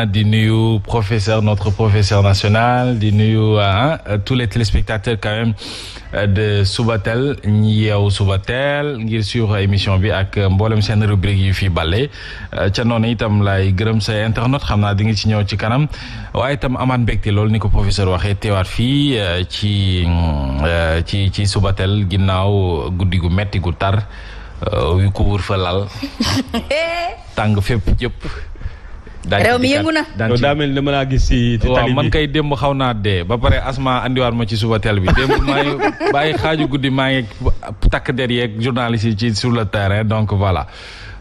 Ah, di nuyu professeur notre professeur national di nuyu ah, euh, tous les téléspectateurs quand même euh, de Subatel ñi yeew Subatel ngir suivre émission bi ak mboolem seen rubrique yu fi bale euh, ca noonu itam laay gërëm say internet xam naa di nga ci ñëw ci kanam waaye itam amaat mbégte loolu ni ko professeur waxee teewaat fii ci ci ci Subatel ginnaaw guddi gu metti gu tar wi ko fa lal tàng fépp yëpp réew mi yëngu na daan daa mel ma laa gis si tali man kay démb xaw naa dee ba pare asma andiwaat ma ci suba teel bi démb maa ngi bàyyi guddi maa ngi takk der yeeg journaliste yi ci sur le terrain donc voilà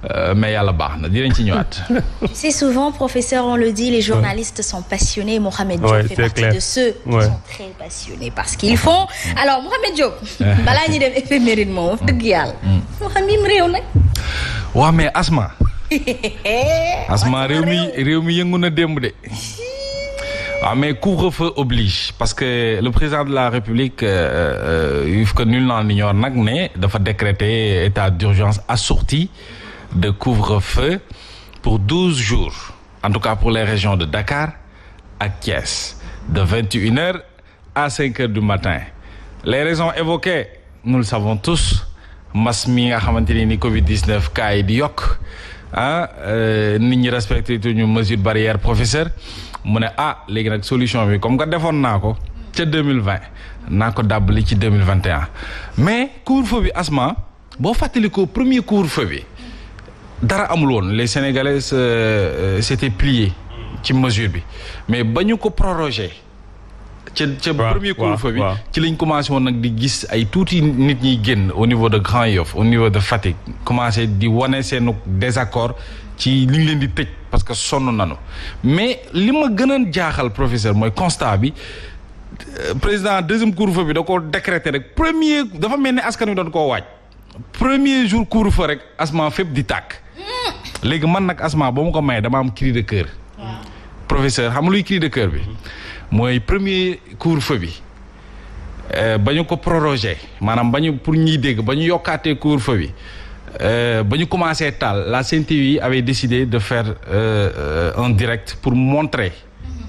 Euh, mais yàlla baax na dinañ ci ñëwaat. c'est souvent professeur on le dit les journalistes sont passionnés Mohamed Diop ouais, partie de ceux qui sont très passionnés par qu'ils font alors Mohamed Diop balaa ñuy dem éphéméride moom wax dëgg yàlla mm. moo asma réew mi réew mi yëngu na démb de. Ah, couvre-feu oblige parce que le président de la république euh, euh, il faut que nul n'en ignore nag ne dafa décréter état d'urgence assorti de couvre-feu pour douze jours en tout cas pour les régions de Dakar ak Thiès de vingt et une heures à cinq heures du matin les raisons évoquées nous le savons tous mbas mi nga xamante ni ni Covid 19 cas yi di yokk. ah euh, nit ñi respecté ñu mesure barrière professeur mu ne ah léegi nag solution bi comme que defoon naa ko ca 2020 naa ko dàbbali ci 2021 mais couvre-feu bi asma boo fàttalikoo premier couvre-feu bi dara amul woon les sénégalais euh, s'étaient pliés ci mesure bi mais ba ñu ko prorogé ca ca premier couvre-feu bi ci lañ commencé woon nag di gis ay tuuti nit ñuy génn au niveau de Grand Yoff au niveau de Fatick commencé di wane seenu désaccord ci liñ leen di tëj parce que sonn nanu mais li ma gën a jaaxal professeur mooy constat bi euh, président deuxième couvre bi da ko décrété rek premier dafa mel ni askan wi doon koo waaj premier jour couvre rek asma fépp di tàkk léegi man nag asma ba mu ko mayee dama am cri de cœur professeur xam luy cri de cœur bi mhm. mooy premier couvre fa bi euh, ba ñu ko proroger maanaam ba ñu pour ñuy dégg ba ñu yokkaatee couvre fa bi euh, ba ñu commencé taal la Sen TV avait décidé de faire euh, euh, un direct pour montrer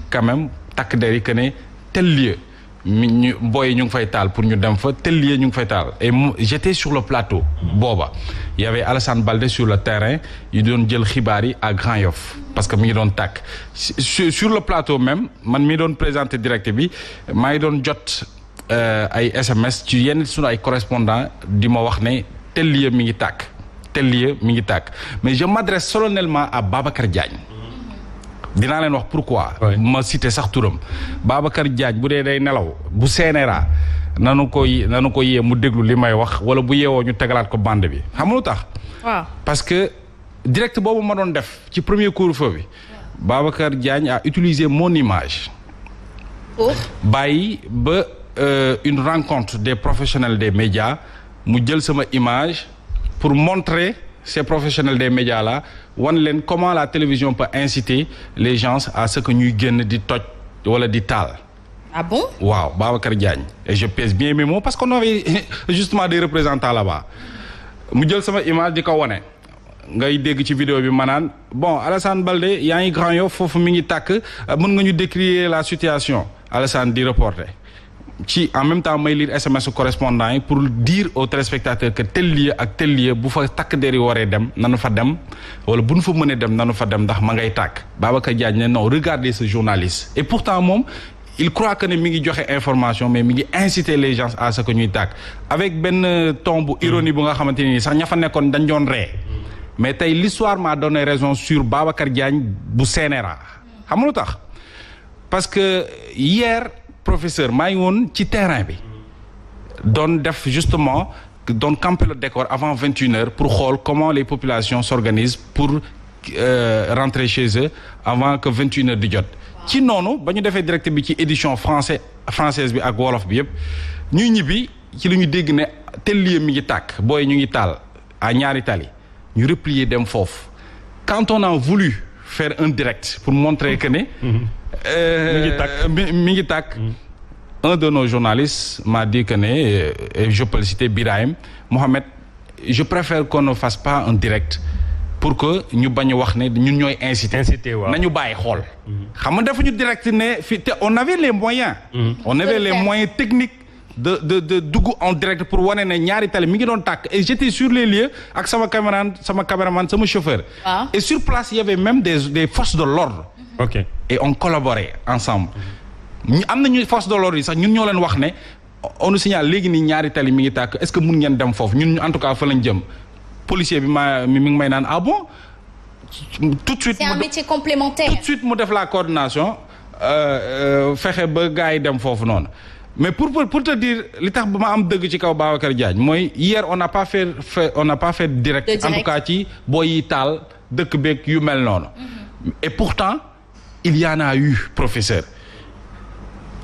quand même takk der yi que ne tel lieu mi ñu booy ñu ngi fay taal pour ñu dem fa tëllier ñu ngi fay taal et j'étais sur le plateau booba y avait Alassane Balde sur le terrain yu doon jël xibaar yi à Grand Yoff parce que mi ngi doon tàkk sur le plateau même man mi doon présenté direct bi maa ngi doon jot euh, ay SMS ci yenn suñu ay correspondant di ma wax ne tëllier mi ngi tàkk tëllier mi ngi tàkk mais je m'adresse solennellement à Babacar Diagne dinaa leen wax pourquoi. ma cité sax turam. Babacar Diagne bu dee day nelaw bu CNRA nanu koy nanu ko yee mu déglu li may wax wala bu yeewoo ñu tegalaat ko bande bi xam lu tax. waaw parce que direct boobu ma doon def ci premier couvre-feu bi. Babacar Diagne a utiliser mon image. bàyyi ba euh, une rencontre des professionnels des médias mu jël sama image pour montrer ces professionnels des médias là. wan leen comment la télévision peut inciter les gens à ce que ñuy génn di toj wala di taal. ah bon waaw Babacar Diagne et je pèse bien mes parce que avait justement de représentants la ba mu jël sama image di ko wane. ngay dégg ci vidéo bi ma bon Alassane Balde yaa ngi Grand Yoff foofu mi ngi takk mën nga ñu décrier la situation Alassane di reporter ci en même temps may lire SMS correspondant yi pour dire aux téléspectateurs que tel lieu ak tel lieu bu fa takk der yi waree dem nanu fa dem wala bu nu fa mënee dem nanu fa dem ndax ma ngay tàkk Babacar Diagne ne non regardez sa journaliste et pourtant moom il croit que ne mi ngi joxe information mais mi ngi inciter les gens à ce que ñuy tàkk avec benn euh, ton bu ironi bu nga xamante ni sax ña fa nekkoon dañ doon ree mais tey l'histoire m'a donné raison sur Babacar Diagne bu CNRA xam tax parce que hier professeur maa ngi woon ci terrain bi doon def justement doon camper le décor avant vingt pour xool comment les populations s'organisent pour euh, rentrer chez eux avant que vingt di jot ci noonu ba ñu defee direct bi ci édition français française bi ak wolof bi yëpp ñuy ñibbi ci li ñu dégg ne tel lieu mi ngi tàkk booy ñu ngi taal à ñaari tali ñu replier dem foofu quand on a voulu faire un direct pour montrer que ne mm-hmm. mi ngi tàkk euh, mi ngi tàkk. Mm. un de nos journalistes m'a dit que ne euh, je peux le citer Birahim Mohamed je préfère qu'on ne fasse pas un direct pour que ñu bañ wax ne ñun ñooy incité. incité waaw nañu bàyyi xool. Mm-hmm. xam nga dafa ñu ne fii te on avait les moyens. Mm-hmm. on avait les moyens techniques. de de de en direct pour wane ne ñaari tali mi ngi doon tàkk et j'étais sur les lieux ak sama caméraman sama caméraman sama chauffeur. Ah. et sur place il y avait même des des forces de l'ordre ok et on collaborait ensemble. ñu am nañu force de l'ordre yi sax ñun ñoo leen wax ne on nous signale léegi nii ñaari tali mi ngi tàkk est-ce que mun ngeen dem foofu ñun en tout cas fa lañ jëm policier bi ma mi ngi may naan a ah bon. tout de suite c'est mu def la coordination euh, euh, fexe ba gars yi dem foofu noonu. mais pour pour pour te dire li tax ba ma am dëgg ci kaw Babacar Diagne mooy hier on n'a pas fait on n'a pas fait direct, direct ci booy yi taal dëkk beeg yu mel noonu. Mm-hmm. et pourtant. il y a eu professeur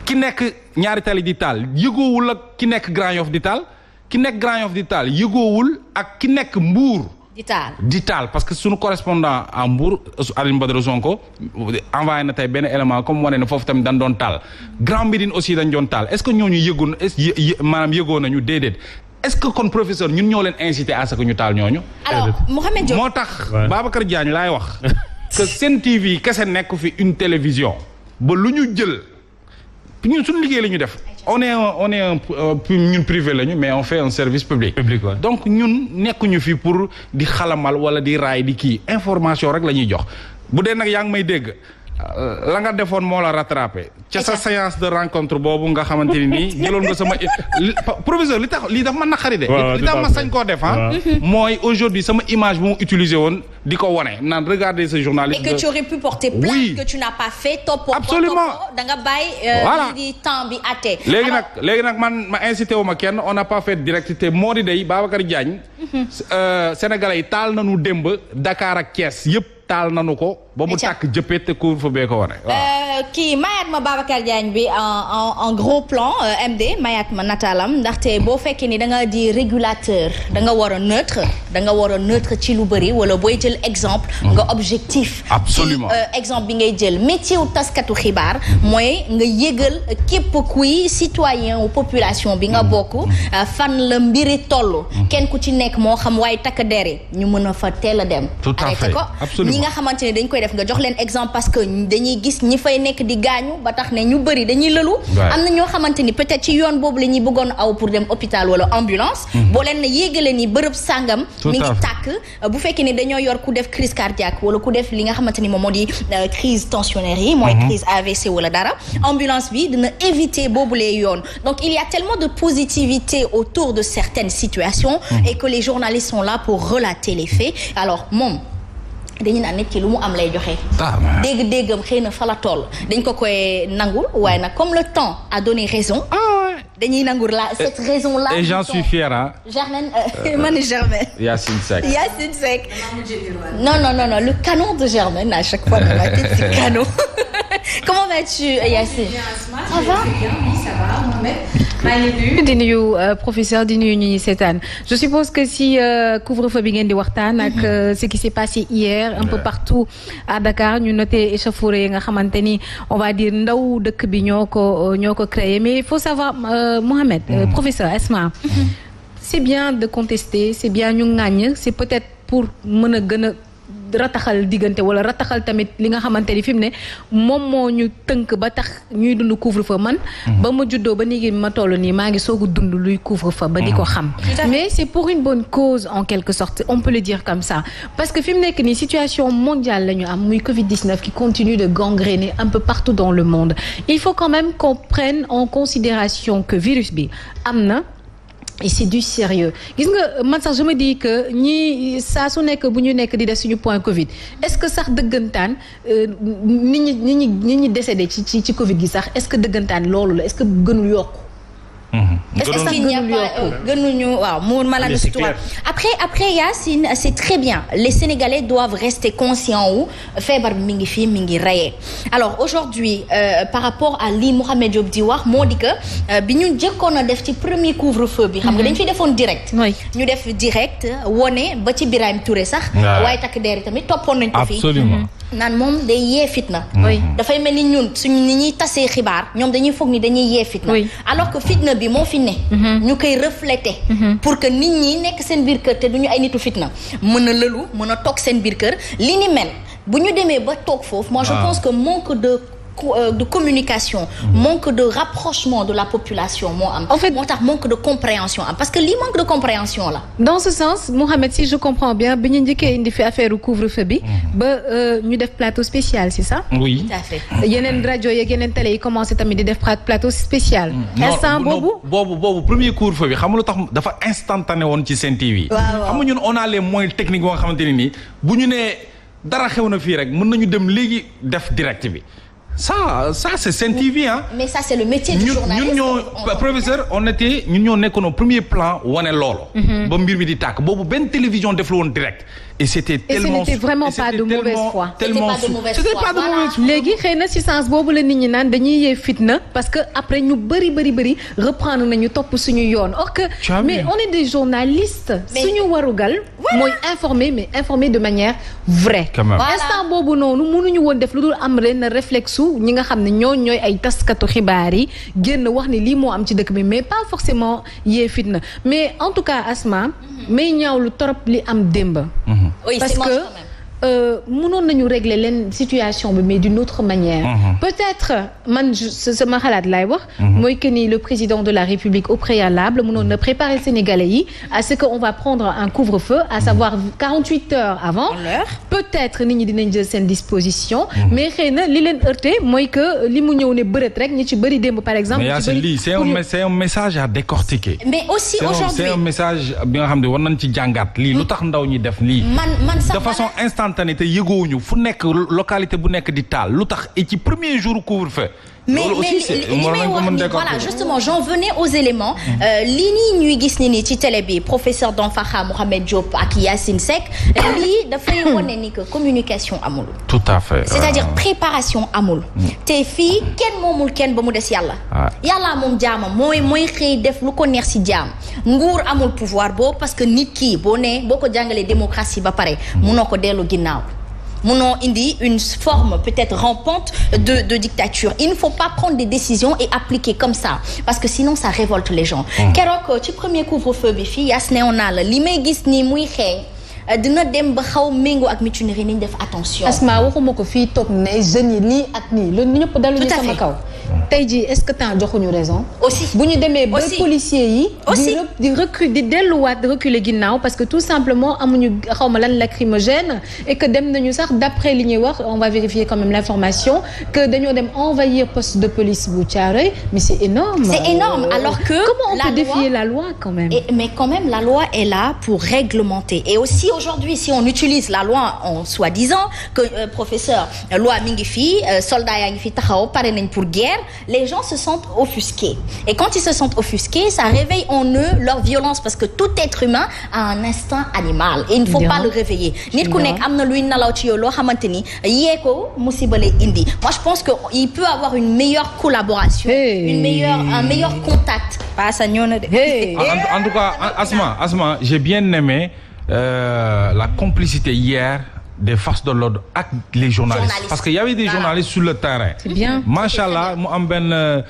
ki nekk ñaari tali di taal yëgoowul ak ki nekk Grand Yoff di taal ki nekk Grand di taal yëgoowul ak ki nekk Mbour. di di taal parce que suñu correspondant à Mbour Alioune Badara Sonko envoyé na tey benn élément comme wane ne foofu tamit dan doon taal. Grand Médine aussi dañ doon taal est-ce que ñooñu yëgoon est maanaam yëgoon nañu déedéet. est-ce que kon professeur ñun ñoo leen incité à ce que ñu taal ñooñu. alors Mouhamed Diop moo tax. Babacar Diagne laay wax. que seen TV kese nekk fi une télévision ba lu ñu jël ñun suñu liggéey la ñu def on est un, on est un euh, ñun privé la ñu mais on fait un service public. public donc ñun nekkuñu fi pour di xalamal wala di raay di kii information rek la ñuy jox bu dee nag yaa ngi may dégg. la nga defoon moo la rattrapé ca sa séance de rencontre boobu nga xamante ni nii jëloon nga sama proviseur li tax lii daf ma naqari de li tax ma sañ koo def ah, mhm. mooy aujourd'hui sama image bu mu utilisé woon di ko wone naan regardez ce journaliste et que tu aurais pu porter plainte que tu n'as pas fait topp absolument da nga bàyyi euh, voilà di temps bi atte léegi nag léegi nag man ma incité wu ma kenn on n'a pas fait directité moo di day Babacar Diagne mhm. euh, sénégalais yi taal nañu démb dakaar ak kes yëpp taal nañu ko ba mu tàkk jëppee te couvre-feu bee ko wane waaw euh, kii mayaat ma Babacar Diagne bi euh, en en gros plan euh, MD mayaat ma nataalam ndaxte boo fekkee ni da nga di régulateur da nga war a neutre da nga war a neutre ci lu bëri wala booy jël exemple mm. nga objectif absolument exemple bi ngay jël métier wu taskatu xibaar mm. mooy nga yëgal képp kuy citoyen wu population bi nga mm. bokk fan la mbiri toll kenn ku ci nekk moo xam waaye takk dere ñu mën a fa teel a dem tout ko ñi nga xamante ne dañ koy def nga jox leen exemple parce que dañuy gis ñi fay nekk di gaañu ba tax ne ñu bëri dañuy lëlu am na ñoo xamante ni peut-être ci yoon boobu la ñuy bëggoon aw pour dem hôpital wala ambulance mhm. boo leen ne yéegale ni bërëb sàngam mi ngi tàkk bu fekkee ne dañoo yor ku def crise wala ku def li nga xamante ni moom moo di euh, crise tensionnaire yi mooy mhm. crise AVC wala dara ambulance bi dina éviter boobu lay yoon donc il y a tellement de positivité autour de certaines situations mhm. et que les journalistes sont là pour relater les faits alors moom dañu naan nit ki lu mu am lay joxe. Ah, dégg déggam xëy na fa la toll. dañ ko koy nangul waaye nag comme le temps a donné raison. Ah, dañuy nangul la cette raison là. et j'en suis fier a Germaine euh, euh, man Germaine. Euh, Yacine Seck Yacine Seck. non le canon de Germaine à chaque fois dans ma tête canon. comment vas-tu Yacine. ça va. maa ngi nuyu di euh, professeur di nuyu ñuy je suppose que si euh, couvre-feu bi ngeen di waxtaan ak mhm. euh, ce qui s'est passé hier un peu partout à Dakar ñu noté échauffourée yi nga xamante ni on va dire ndaw dëkk bi ñoo ko ñoo ko créé mais il faut savoir euh, Mohamed euh, mhm. professeur Asma mhm. c'est bien de contester c'est bien ñu ŋàññ c'est peut-être pour mën a gën rataxal diggante wala rataxal tamit li nga xamante ni fi mu ne moom moo ñu tënk ba tax ñuy dund couvre fa man. Mhm. ba ma juddoo ba nii ma toll nii maa ngi soog a dund luy couvre fa ba ni ko mhm. xam. mais c'est pour une bonne cause en quelque sorte on peut le dire comme ça parce que fi mu nekk nii situation mondiale la ñu am muy Covid 19 qui continue de gangréner un peu partout dans le monde il faut quand même qu'on prenne en considération que virus bi am na. et c'est du sérieux gis nga man sax je me dis que ñii saa su nekk bu ñu nekk di def suñu point Covid est-ce que sax dëggantaan euh, nit ñi nit ñi nit ñi décédé ci ci ci Covid gi sax est-ce que dëggantaan loolu la est-ce que gënul yokk. Mhm. est-ce qu'il n'y a pas gënuñu waaw mu maanaam histoire après après Yacine c'est très bien les Sénégalais doivent rester conscients wu feebar bi mi ngi fii mi ngi rayé alors aujourd'hui euh, par rapport à li Mouhamed Diop di wax moo di que euh, bi ñu jëkkoon a def ci premier couvre-feu bi xam nga mhm. dañ fi defoon direct ñu def direct wone ba ci Birahim ture sax waaye takk der yi tamit toppoon nañ ko fii naan moom day yee fitna. Mhm. dafay mel ni ñun suñ ni ñuy tasee xibaar ñoom dañuy foog ni dañuy yee fitna. alors que fitna bi moo fi ne. Mhm. ñu koy refléter. Mhm. pour que nit ñi nekk seen biir kër te duñu ay nitu fitna mën a lëlu mën a toog seen biir kër li ni mel bu ñu demee ba toog foofu. moo je ah. pense que manque de Euh, de communication mmh. manque de rapprochement de la population moo am en fait moo tax manque de compréhension am parce que lii manque de compréhension la dans ce sens Mouhamed si je comprends bien bi ñu njëkkee indi fi affaire couvre-feu bi mmh. ba euh, ñu def plateau spécial c'est ça oui tout à fait euh, yi commencé tamit di def plateau spécial mmh. instant boobu boobu boobu premier couvre-feu bi xam nga lu tax dafa instantané woon ci Sen TV xam nga ñun on a les moyens techniques yoo nga xamante ne nii bu ñu nee dara xew na fii rek mën nañu dem léegi def direct bi ça ça c'est Sen TV ah. mais ça c'est le métier du journaliste. ñun ñoo professeur on était ñun ñoo nekkoon au premier plan wane loolu. Mhm. ba mbir mi di tàkk boobu benn télévision def la woon direct. et vraiment pas de mauvaise léegi xëy na si sens boobu la nit ñi naan dañuy yee fitna parce que après ñu bëri bëri bëri reprendre nañu topp suñu yoon or que. mais on est des journalistes. suñu warugal. mooy informer mais informer de manière vraie. instant boobu noonu mënuñu woon def lu dul am ren réflexe su ñi nga xam ne ñoo ñooy ay taskatu xibaar yi génn wax ne lii moo am ci dëkk bi mais pas forcément yee fitna mais en tout cas Asma. Mhm. may lu torop li am démb. Mhm. Mmh. Oui, Parce que Euh, mënoon nañu régler leen situation bi mais d'une autre mhm. man sama xalaat laay wax mhm. mooy que ni le président de la République au préalable mënoon na préparer on va prendre un couvre-feu à mhm. savoir quarante-huit heures avant peut-être nit ñi dinañ jël seen disposition mais xëy na li leen heurté mooy que li mu ñëw ne bërët rek ñi ci bëri démb par exemple c'est un message à décortiquer mais aussi aujourd'hui c'est un message bi nga xam ne war nañ ci jàngat lii lu hmm? tax ndaw ñi def lii instantané te yëgoowuñu fu nekk localité bu nekk di taal lu tax et ci premier jour couvre-feu mais mais li may wax ni voilà justement j'en venais aux éléments. Mm. Euh, lii nii ñuy gis ni ni ci télé bi professeur Danfakha Mohamed Diop ak Yacine Seck lii dafay wane ni que communication amul. tout à fait c'est-à-dire préparation amul. Mm. te fii kenn moomul kenn ba mu des yàlla. yàlla moom jaamam mooy mooy xëy def lu ko neex si jaam nguur amul pouvoir boobu parce que nit kii boo nee boo ko jàngalee démocratie ba pare mm. munoo ko dellu ginnaaw. munoo indi une forme peut-être rampante de de dictature il ne faut pas prendre des décisions et appliquer comme ça parce que sinon ça révolte les gens. Mmh. keroog ci premier couvre-feu bi fii yas ne woon naa la li may gis nii muy xeeñ. Euh, dina dem ba xaw méngoo ak mutinerie nañ def attention. asma waxuma ko fii toog ne jeunes yi lii ak ñëpp daluñu sama kaw. tey jii est-ce que temps joxuñu raison. aussi bu ñu demee ba policiers yi. aussi di recru di delluwaat reculer ginnaaw parce que tout simplement amuñu xaw ma lan lacrymogène et que dem nañu sax d'après li ñuy wax on va vérifier l'information que dañoo dem envahir poste de police bu Thiaroye mais c'est énorme. c'est énorme alors que. comment on la peut loi, défier la loi quand même. Et, mais quand même la loi est là pour réglementer et aussi aujourd'hui si on utilise la loi en soi-disant que euh, professeur loi mi ngi fi euh, soldat yaa ngi fi taxaw pare nañ pour guerre. les gens se sentent offusqués. Et quand ils se sentent offusqués, ça réveille en eux leur violence parce que tout être humain a un instinct animal et il ne faut pas le réveiller. nit ku nekk am na luy nalaw ci yow loo xamante ni yee ko musiba lay indi. moi je pense que il peut avoir une meilleure collaboration. une meilleure un meilleur contact. waaw ça ñëw na de. en tout cas Asma Asma j'ai bien aimé euh, la complicité hier. des forces de l'ordre ak les journalistes. parce que y avait des journalistes su le terrain. c'est bien allah mu am benn euh,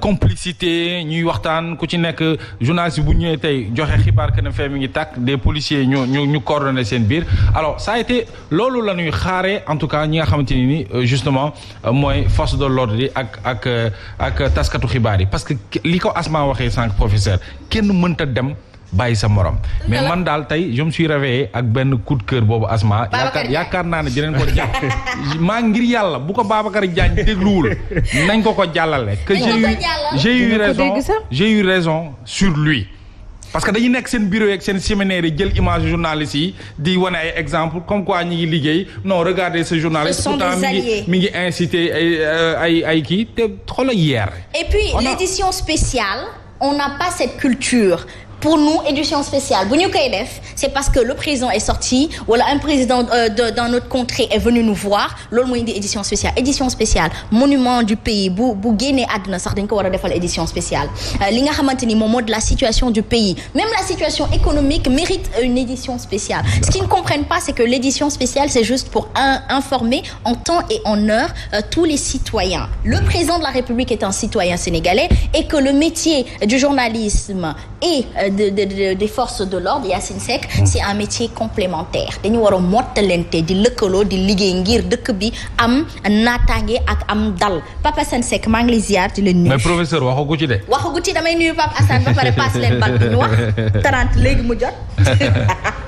complicité ñuy waxtaan ku ci nekk journaliste bu ñëwee tey joxe xibaar que ne fee mi ngi tàkk des policiers ñu ñu ñu coordonné seen biir. alors ça été loolu la ñuy xaaree en tout cas ñi nga xamante ni nii euh, justement euh, mooy force de l'ordre yi ak ak ak taskatu xibaar yi parce que li ko Asma waxee sànq professeur kenn mënta dem. bàyyi sa morom. mais man daal tey je me suis réveillé ak benn coup de cœur boobu asma. yaakaar yaakaar naa ne dinañ ko jàpp. maa ngir yàlla bu ko Babacar Diagne dégluwul nañ ko ko jàllale. que j'ai eu j'ai eu raison sur lui. parce que dañu nekk seen bureau yeeg seen séminaire yi jël image journaliste yi di wane ay exemple comme quoi ñi ngi liggéey non regardez ce journaliste. ce sont mi ngi mi ngi incité ay euh, ay ay kii te xoolal yeer. et puis l'édition spéciale on n'a pas cette culture. pour nous édition spéciale bu ñu koy def c'est parce que le président est sorti wala un président euh, de dans notre contrée est venu nous voir loolu mooy indi édition spéciale édition spéciale monument du pays bu bu génnee àdduna sax dañ ko war a defal édition spéciale euh, li nga xamante ni moom moo de la situation du pays même la situation économique mérite une édition spéciale ce qu'ils ne comprennent pas c'est que l'édition spéciale c'est juste pour informer en temps et en heure euh, tous les citoyens le président de la République est un citoyen sénégalais et que le métier du journalisme et euh, de, de, de, des forces de l'ordre Yasinsek mm. c'est un métier complémentaire dañu war a mottalente di lëkkaloo di liggéey ngir dëkk bi am naataange ak am dal Papa Assane Seck maa ngi lay ziar di leen nuyu. mais professeur waxagu ci de. waxagu ci damay nuyu Papa Assane ba pare paas leen bal bi ñu wax 30 léegi mu jot.